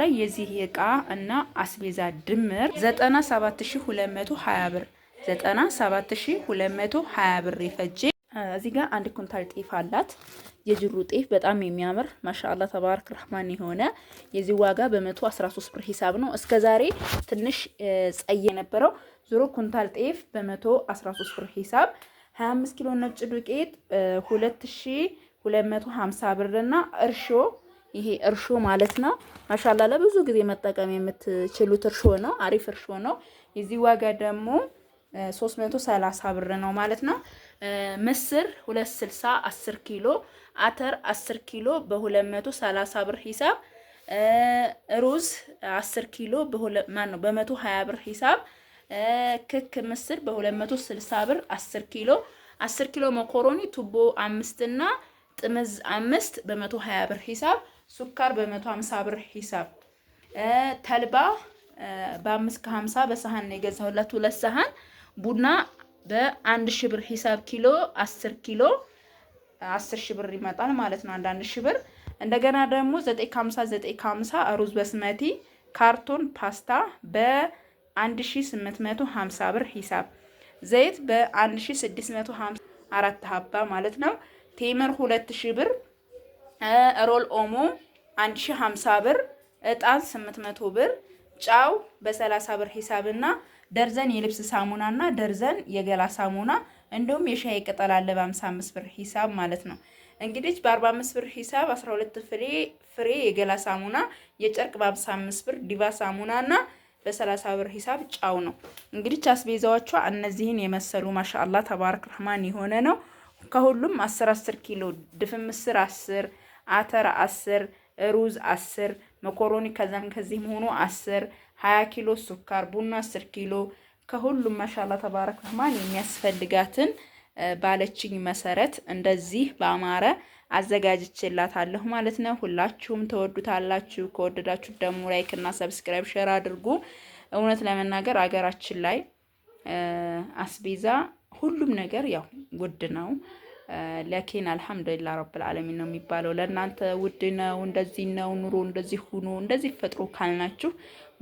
ላይ የዚህ እቃ እና አስቤዛ ድምር 97220 ብር 97220 ብር የፈጀ እዚህ ጋር አንድ ኩንታል ጤፍ አላት። የጅሩ ጤፍ በጣም የሚያምር ማሻአላ ተባረክ ረህማን የሆነ የዚህ ዋጋ በ113 ብር ሂሳብ ነው። እስከ ዛሬ ትንሽ ጸየ የነበረው ዞሮ ኩንታል ጤፍ በ113 ብር ሂሳብ 25 ኪሎ ነጭ ዱቄት 2250 ብር እና እርሾ ይሄ እርሾ ማለት ነው። ማሻላ ለብዙ ጊዜ መጠቀም የምትችሉት እርሾ ነው። አሪፍ እርሾ ነው። የዚህ ዋጋ ደግሞ 330 ብር ነው ማለት ነው። ምስር 260 10 ኪሎ፣ አተር 10 ኪሎ በ230 ብር ሂሳብ፣ ሩዝ 10 ኪሎ ማን ነው በ120 ብር ሂሳብ፣ ክክ ምስር በ260 ብር 10 ኪሎ፣ 10 ኪሎ መኮሮኒ ቱቦ 5 እና ጥምዝ 5 በ120 ብር ሂሳብ ሱካር በ150 ብር ሂሳብ፣ ተልባ በ5 50 ነው የገዛሁላት ሁለት ሰሃን። ቡና በ1 ብር ሂሳብ ኪሎ 10 ኪሎ 10 ሺህ ብር ይመጣል ማለት ነው። አንዳንድ ሺህ ብር እንደገና ደግሞ 950 950 ሩዝ በስመቲ ካርቶን ፓስታ በ1850 ብር ሂሳብ ዘይት በ1650 አራት ሀባ ማለት ነው። ቴምር 2000 ብር ሮል ኦሞ 1050 ብር፣ እጣን 800 ብር፣ ጫው በ30 ብር ሂሳብና ደርዘን የልብስ ሳሙናና ደርዘን የገላ ሳሙና እንዲሁም የሻይ ቅጠል አለ በ55 ብር ሂሳብ ማለት ነው። እንግዲህ በ45 ብር ሂሳብ 12 ፍሬ ፍሬ የገላ ሳሙና የጨርቅ በ55 ብር ዲቫ ሳሙናና በ30 ብር ሂሳብ ጫው ነው። እንግዲህ አስቤዛዎቿ እነዚህን የመሰሉ ማሻአላ ተባረክ ረህማን የሆነ ነው። ከሁሉም 10 10 ኪሎ ድፍን ምስር 10 አተር አስር ሩዝ አስር መኮሮኒ ከዛም ከዚህ መሆኑ አስር ሀያ ኪሎ ሱካር ቡና አስር ኪሎ ከሁሉም ማሻላ ተባረክ ረህማን የሚያስፈልጋትን ባለችኝ መሰረት እንደዚህ በአማረ አዘጋጅቼላታለሁ ማለት ነው። ሁላችሁም ተወዱታላችሁ። ከወደዳችሁ ደግሞ ላይክ እና ሰብስክራይብ ሼር አድርጉ። እውነት ለመናገር አገራችን ላይ አስቤዛ ሁሉም ነገር ያው ውድ ነው። ለኬን አልሐምዱሊላ ረብል ዓለሚን ነው የሚባለው። ለእናንተ ውድ ነው፣ እንደዚህ ነው ኑሮ፣ እንደዚህ ሁኑ፣ እንደዚህ ፈጥሮ ካልናችሁ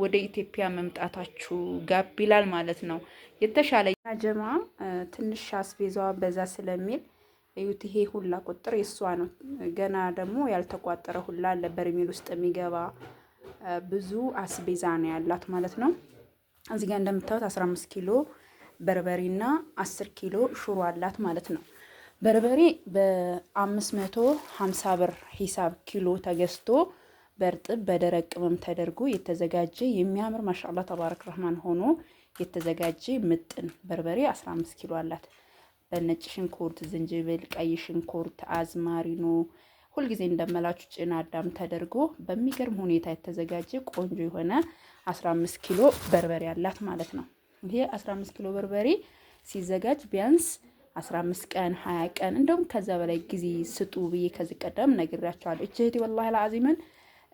ወደ ኢትዮጵያ መምጣታችሁ ጋብ ይላል ማለት ነው። የተሻለ ጀማ ትንሽ አስቤዛዋ በዛ ስለሚል እዩት። ይሄ ሁላ ቁጥር የእሷ ነው። ገና ደግሞ ያልተቋጠረ ሁላ አለ በርሜል ውስጥ የሚገባ ብዙ አስቤዛ ነው ያላት ማለት ነው። እዚህ ጋር እንደምታዩት 15 ኪሎ በርበሬና 10 ኪሎ ሽሮ አላት ማለት ነው። በርበሬ በ550 ብር ሂሳብ ኪሎ ተገዝቶ በእርጥብ በደረቅ ቅመም ተደርጎ የተዘጋጀ የሚያምር ማሻላ ተባረክ ረህማን ሆኖ የተዘጋጀ ምጥን በርበሬ 15 ኪሎ አላት። በነጭ ሽንኩርት፣ ዝንጅብል፣ ቀይ ሽንኩርት፣ አዝማሪኖ ሁልጊዜ እንደመላችሁ ጭና አዳም ተደርጎ በሚገርም ሁኔታ የተዘጋጀ ቆንጆ የሆነ 15 ኪሎ በርበሬ አላት ማለት ነው። ይሄ 15 ኪሎ በርበሬ ሲዘጋጅ ቢያንስ 15 ቀን ሀያ ቀን እንደውም ከዛ በላይ ጊዜ ስጡ ብዬ ከዚህ ቀደም ነግራቸዋለሁ። እች እህቴ ወላሂ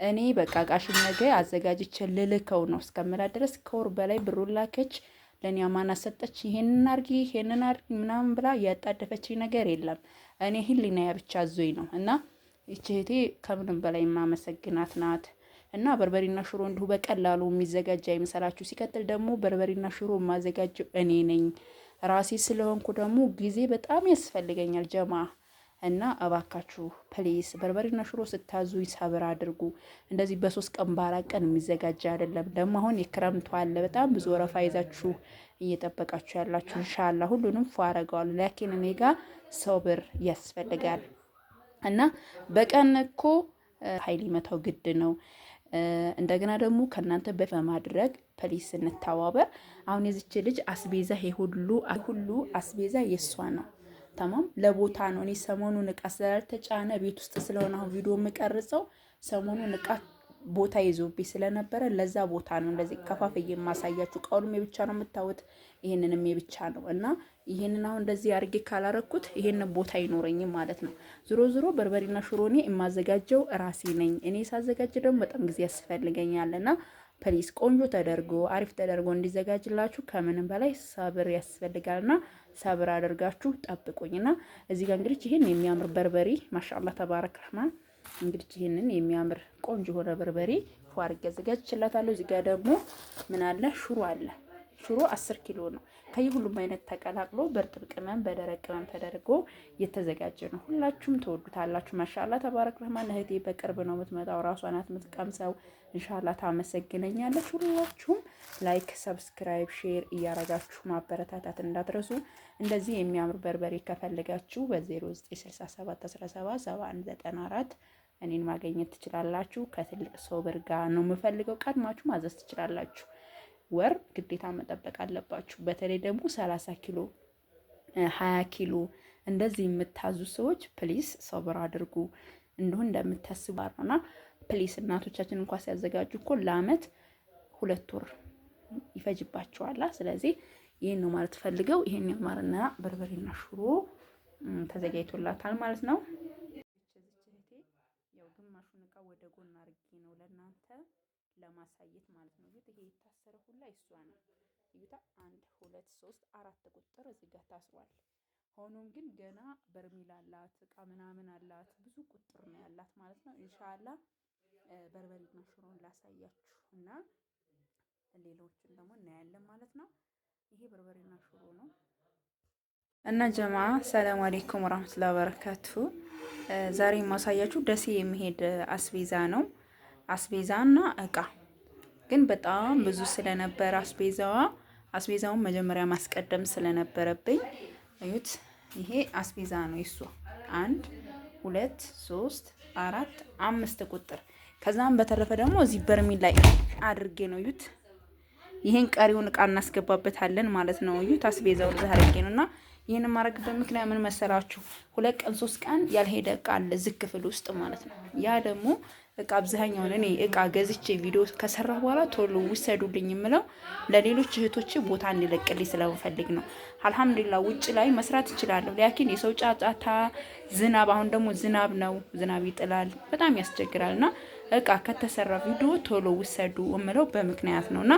እኔ በቃ ቃሽን ነገ አዘጋጅቼ ልልከው ነው እስከምላ ድረስ ከወር በላይ ብሩ ላከች። ለእኔ አማና ሰጠች። ይሄንን አርጊ ይሄንን አርጊ ምናምን ብላ ያጣደፈችኝ ነገር የለም። እኔ ህሊናያ ብቻ አዞኝ ነው እና ይች እህቴ ከምንም በላይ የማመሰግናት ናት። እና በርበሬና ሽሮ እንዲሁ በቀላሉ የሚዘጋጅ አይመሰላችሁ። ሲቀጥል ደግሞ በርበሬና ሽሮ የማዘጋጀው እኔ ነኝ። ራሴ ስለሆንኩ ደግሞ ጊዜ በጣም ያስፈልገኛል ጀማ እና እባካችሁ ፕሊስ በርበሬና ሽሮ ስታዙ ሰብር አድርጉ። እንደዚህ በሶስት ቀን በአራት ቀን የሚዘጋጅ አይደለም። ደግሞ አሁን የክረምቱ አለ። በጣም ብዙ ወረፋ ይዛችሁ እየጠበቃችሁ ያላችሁ እንሻላ ሁሉንም ፎ አረገዋሉ። ላኪን እኔ ጋ ሰብር ያስፈልጋል እና በቀን እኮ ሀይል መታው ግድ ነው። እንደገና ደግሞ ከእናንተ በማድረግ ፕሊስ እንተባበር። አሁን የዚች ልጅ አስቤዛ ሁሉ ሁሉ አስቤዛ የእሷ ነው። ተማም ለቦታ ነው። እኔ ሰሞኑን እቃ ስላልተጫነ ቤት ውስጥ ስለሆነ አሁን ቪዲዮ የምቀርጸው ሰሞኑን እቃ ቦታ ይዞብኝ ስለነበረ ለዛ ቦታ ነው እንደዚህ ከፋፍዬ የማሳያችሁ። እቃውንም የብቻ ነው የምታዩት፣ ይህንንም የብቻ ነው እና ይሄንን አሁን እንደዚህ አድርጌ ካላረኩት ይህን ቦታ አይኖረኝም ማለት ነው። ዝሮ ዝሮ በርበሬና ሽሮኔ የማዘጋጀው ራሴ ነኝ። እኔ ሳዘጋጅ ደግሞ በጣም ጊዜ ፕሊስ ቆንጆ ተደርጎ አሪፍ ተደርጎ እንዲዘጋጅላችሁ ከምንም በላይ ሰብር ያስፈልጋልና ሰብር አድርጋችሁ ጠብቁኝና እዚህ ጋር እንግዲህ ይህን የሚያምር በርበሬ ማሻላ ተባረክ ረህማን እንግዲህ ይህንን የሚያምር ቆንጆ የሆነ በርበሬ ፏ አዘጋጅችላታለሁ። እዚህ ጋር ደግሞ ምን አለ ሽሮ አለ ሽሮ 10 ኪሎ ነው። ከየሁሉም አይነት ተቀላቅሎ በእርጥብ ቅመም በደረቅ ቅመም ተደርጎ የተዘጋጀ ነው። ሁላችሁም ትወዱታላችሁ። ማሻላ ተባረክ ረህማን። እህቴ በቅርብ ነው የምትመጣው፣ ራሷ ናት የምትቀምሰው። እንሻላ ታመሰግነኛለች። ሁላችሁም ላይክ፣ ሰብስክራይብ፣ ሼር እያረጋችሁ ማበረታታት እንዳትረሱ። እንደዚህ የሚያምር በርበሬ ከፈልጋችሁ በ0967177194 እኔን ማገኘት ትችላላችሁ። ከትልቅ ሰው ብር ጋር ነው የምፈልገው። ቀድማችሁ ማዘዝ ትችላላችሁ። ወር ግዴታ መጠበቅ አለባችሁ። በተለይ ደግሞ 30 ኪሎ 20 ኪሎ እንደዚህ የምታዙ ሰዎች ፕሊስ ሰብር አድርጉ። እንዲሁ እንደምታስቡ ፕሊስ እናቶቻችን እንኳ ሲያዘጋጁ እኮ ለአመት ሁለት ወር ይፈጅባቸዋላ። ስለዚህ ይህን ነው ማለት ፈልገው። ይሄን ያማርና በርበሬና ሽሮ ተዘጋጅቶላታል ማለት ነው። ለማሳየት ማለት ነው። ይሄ የታሰረ ሁላ እሷ ነው። እዩታ አንድ ሁለት ሶስት አራት ቁጥር እዚህ ጋር ታስሯል። ሆኖም ግን ገና በርሜል አላት እቃ ምናምን አላት ብዙ ቁጥር ነው ያላት ማለት ነው። ኢንሻላ በርበሬና ሽሮን ላሳያችሁ እና ሌሎችን ደግሞ እናያለን ማለት ነው። ይሄ በርበሬና ሽሮ ነው እና ጀማ ሰላም አለይኩም ወራህመቱላሂ በረካቱ። ዛሬ የማሳያችሁ ደሴ የሚሄድ አስቤዛ ነው። አስቤዛ እና እቃ ግን በጣም ብዙ ስለነበረ አስቤዛዋ አስቤዛውን መጀመሪያ ማስቀደም ስለነበረብኝ እዩት። ይሄ አስቤዛ ነው ይሱ አንድ ሁለት ሶስት አራት አምስት ቁጥር። ከዛም በተረፈ ደግሞ እዚህ በርሚል ላይ አድርጌ ነው እዩት። ይሄን ቀሪውን እቃ እናስገባበታለን ማለት ነው እዩት። አስቤዛውን እዛ አድርጌ እና ይህን የማደርግበት ምክንያት ምን መሰላችሁ? ሁለት ቀን ሶስት ቀን ያልሄደ እቃ አለ ክፍል ውስጥ ማለት ነው። ያ ደግሞ እቃ አብዛኛውን እኔ እቃ ገዝቼ ቪዲዮ ከሰራ በኋላ ቶሎ ውሰዱልኝ የምለው ለሌሎች እህቶች ቦታ እንዲለቅልኝ ስለምፈልግ ነው። አልሐምዱሊላ ውጭ ላይ መስራት እችላለሁ። ሊያኪን የሰው ጫጫታ፣ ዝናብ አሁን ደግሞ ዝናብ ነው። ዝናብ ይጥላል፣ በጣም ያስቸግራል እና እቃ ከተሰራ ቪዲዮ ቶሎ ውሰዱ እምለው በምክንያት ነው እና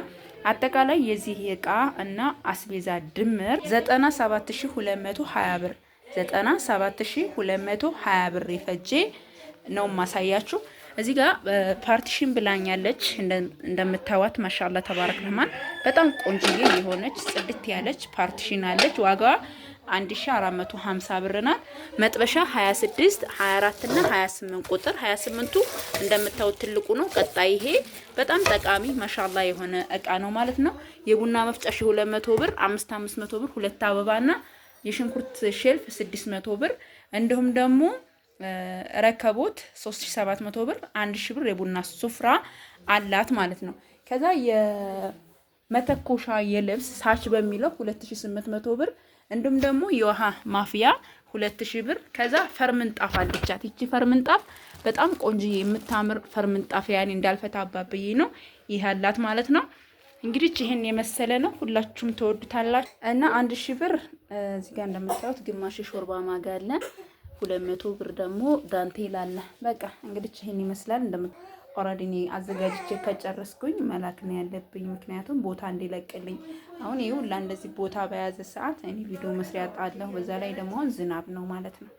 አጠቃላይ የዚህ እቃ እና አስቤዛ ድምር 97220 ብር 97220 ብር የፈጄ ነው ማሳያችሁ። እዚህ ጋር ፓርቲሽን ብላኛለች። እንደምታዋት ማሻላ ተባረክ ረህማን በጣም ቆንጆዬ የሆነች ጽድት ያለች ፓርቲሽን አለች። ዋጋዋ 1450 ብር ናት። መጥበሻ 26፣ 24 እና 28 ቁጥር 28ቱ እንደምታዩት ትልቁ ነው። ቀጣይ ይሄ በጣም ጠቃሚ ማሻላ የሆነ እቃ ነው ማለት ነው። የቡና መፍጫ 200 ብር፣ 5500 ብር ሁለት አበባና የሽንኩርት ሼልፍ 600 ብር እንዲሁም ደግሞ ረከቦት 3700 ብር፣ 1000 ብር የቡና ሱፍራ አላት ማለት ነው። ከዛ የመተኮሻ የልብስ ሳች በሚለው 2800 ብር እንዲሁም ደግሞ የውሃ ማፍያ 2000 ብር። ከዛ ፈርምንጣፍ አለቻት። ይቺ ፈርምንጣፍ በጣም ቆንጅዬ የምታምር ፈርምንጣፍ ያኔ እንዳልፈታ ብዬ ነው ይህ አላት ማለት ነው። እንግዲህ ይሄን የመሰለ ነው። ሁላችሁም ተወዱታላችሁ እና አንድ ብር እዚህ ጋር እንደምታዩት ግማሽ ሾርባ ማጋ ሁለት መቶ ብር ደግሞ ዳንቴል አለ። በቃ እንግዲህ ይህን ይመስላል። እንደም ኦልሬዲ እኔ አዘጋጅቼ ከጨረስኩኝ መላክ ነው ያለብኝ፣ ምክንያቱም ቦታ እንዲለቅልኝ። አሁን ይህ ሁላ እንደዚህ ቦታ በያዘ ሰዓት እኔ ቪዲዮ መስሪያ ጣለሁ። በዛ ላይ ደግሞ ዝናብ ነው ማለት ነው።